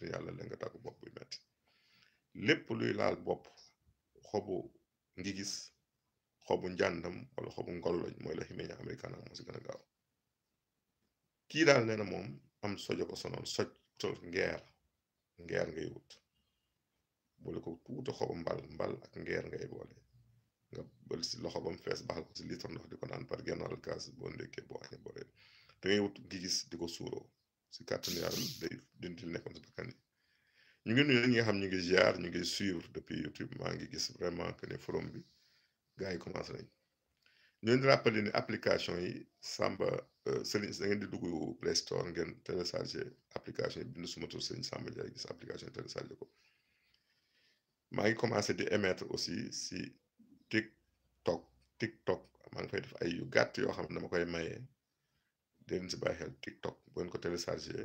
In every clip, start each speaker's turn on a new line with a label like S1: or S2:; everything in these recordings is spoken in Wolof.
S1: te yàlla la nga takk bopp bu metti lépp luy laal bopp xobu ngigis xobu njàndam wala xobu ngolloñ mooy la ximeña americana moo si gën a gaaw kii daal nee na moom am sojo ko sonoon soj tol ngeer ngeer ngay wut boole ko tuuta xobu mbal mbal ak ngeer ngay boole nga bël si loxo ba mu fees baxal ko si litre ndox di ko naan par genn wàll kaas boo ndekkee boo añee boo reer da ngay ngigis di ko suuroo si kàttan yàlla day dina ci nekkoon si bakkan yi ñu ngi nuyu ñi nga xam ñu ngi ziar ñu ngi suivre depuis YouTube maa ngi gis vraiment que ne forum bi gars yi commencé nañ ñu leen di rappeler yi Samba euh, Serigne da ngeen di dugg Play Store ngeen téléchargé application yi bind suma tur Serigne Samba Ndiaye gis application yi téléchargé ko maa ngi commencé di émettre aussi si TikTok TikTok maa ngi fay def ay yu gàtt yoo xam ne dama koy maye. di leen si bàyyi xel TikTok bu ko téléchargé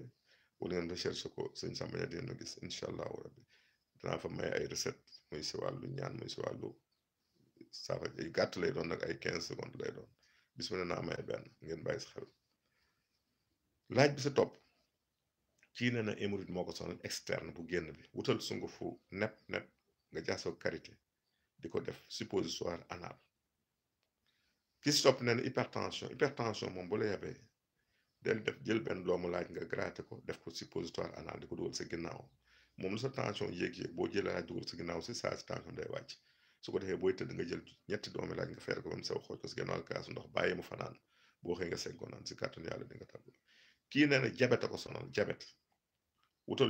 S1: wala ngeen recherche ko sëñ Samba Dia di leen gis incha allahu rabbi danaa fa may ay recette muy si wàllu ñaan muy si wàllu saafa yu gàtt lay doon nag ay quinze secondes lay doon bis ma ne naa may benn ngeen bàyyi si xel laaj bi si topp ci nee na hémorroïde moo ko sonal externe bu génn bi wutal sungufu nepp nepp nga jaasoo karité di ko def suppositoire anal ki si topp nee na hypertension hypertension moom bu la del def jël benn doomu laaj nga gratter ko def ko suppositoire anal di ko dugal sa ginnaaw moom lu sa tension yéeg-yéeg boo jëlee laaj dugal sa ginnaaw si saa si tension day wàcc su ko defee booy tëdd nga jël ñetti doomi laaj nga feer ko ba mu sew xooj ko si gannaaw kaasu ndox bàyyi mu si kàttanu yàlla di nga tàbb kii nee na jabet a ko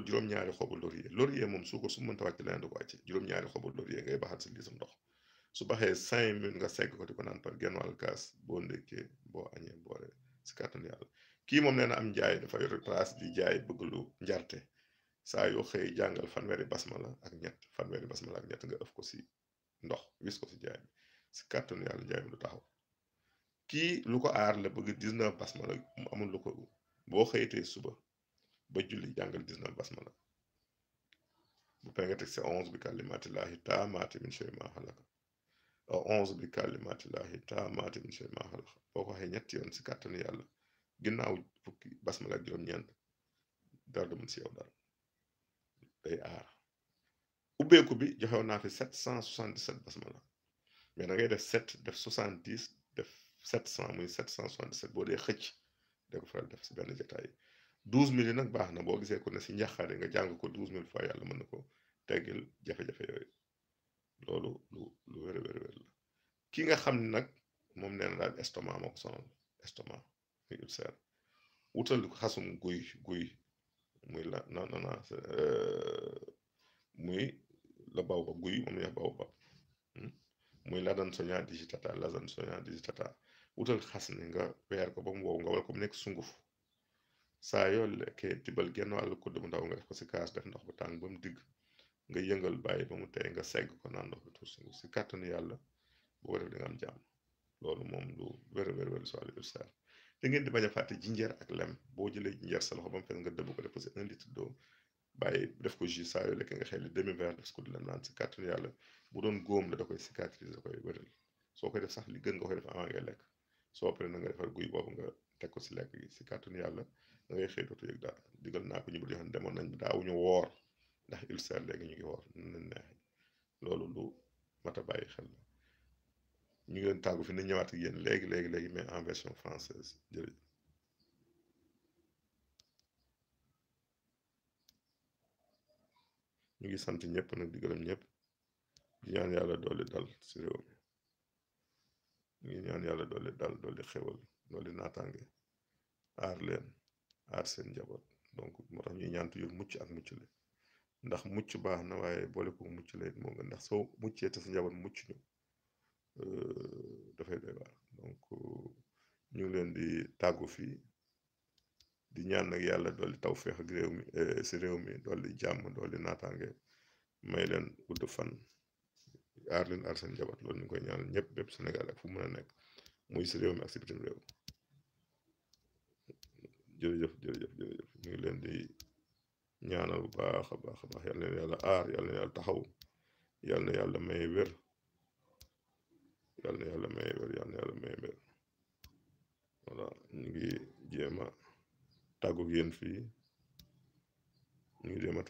S1: juróom-ñaari xobu laurier laurier moom su ko su mënta wàcc leneen du ko wàcce juróom-ñaari xobu laurier ngay baxal si liisam ndox su baxee cinq minutes nga segg ko di ko naan par genn wàll kaas boo ndékkee boo añee boore si kàttanu yàlla kii moom nee na am njaay dafa yor place di jaay bëgg lu njarte saa yoo xëy jàngal fanweeri basmala ak ñett fanweeri basmala ak ñett nga ëf si ndox wis ko si jaay bi si kàttanu yàlla njaay mi du taxaw kii lu ko aar la bëgg 19 basmala mu amul lu ko boo xëytee suba ba julli jàngal 19 basmala bu pare nga teg sa 11 bi kàllimaati laahi taamaati min shay maa xalaka onze bi kàllimaati laahi taamaati min shay maa xalaka boo ko waxee ñetti yoon si kàttanu yàlla. ginnaaw fukki basmala ak juróom-ñeent dara du mën si yow dara aar ubbeeku bi joxew naa fi sept cent soixante dix sept basmala mais da ngay def sept def soixante dix def sept cent muy sept cent soixante dix sept boo xëcc da ko def si benn jotaay douze mille yi baax na boo gisee ko ne si njaxaare nga jàng ko douze mille fois yàlla mën na ko teggil jafe-jafe yooyu loolu lu lu wér wér la ki nga xam ne nag moom nee na daal estomac moo ko estomac ngir seet wutal xasum guy guy muy la na ba guy moom la baobab muy ladan soña digitata ladan soña digitata wutal xas ni nga weer ko ba mu wow nga wal mu nekk sunguf saa yoo lekkee tibal genn wàllu kudd mu ndaw nga def ko si kaas def ndox bu tàng ba mu digg nga yëngal bàyyi ba mu tey nga segg ko naan ndox bi tuur sunguf si kàttanu yàlla boo ko di nga am loolu moom lu wér wér wér si wàllu da ngeen di bañ a fàtte jinjeer ak lem boo jëlee jinjeer sa loxo ba mu fees nga dëbb ko déposé un litre d'eau bàyyi def ko jus saa yoo nga xelli demi verre def naan si kàttanu yàlla bu doon góom la da koy soo koy def sax li gën nga koy def avant ngay lekk soo paree na nga defar guy boobu nga teg ko si lekk gi si kàttanu yàlla da ngay xëy dootu yëg daal digal naa ko ñu bëri xam demoon nañ daawuñu woor ndax ulcère léegi ñu ngi woor nañ neex loolu lu mat a bàyyi xel la ñu ngi leen tàggu fi ñu ñëwaat yéen léegi léegi léegi mais en version française jërëjëf. ñu ngi sant ñëpp nag di gërëm ñëpp di ñaan yàlla doole dal si réew mi ñu ngi ñaan yàlla doole dal doole xewal doole naataange aar leen aar seen njaboot donc moo tax ñuy ñaan toujours mucc ak mucc le ndax mucc baax na waaye boole ko mucc le moo nga ndax soo muccee te sa njaboot mucc ñu. Euh, dafay doy donc ñu leen di tàggu fii di ñaan nag yàlla dolli tawféex ak réew mi eh, si réew mi dolli jàmm dolli naataange may leen gudd fan aar leen aar seen njaboot loolu ñu koy ñaanal ñëpp bépp Sénégal ak fu mën a nekk muy si réew mi ak si bitim réew jërëjëf ñu leen di ñaanal bu baax a baax a baax yàlla na yàlla aar yàlla na yàlla taxaw yàlla na yàlla may yàlla na yàlla may wér yàlla na yàlla may wér voilà ñu ngi jéem a tàggu yéen fii ñu ngi jéem a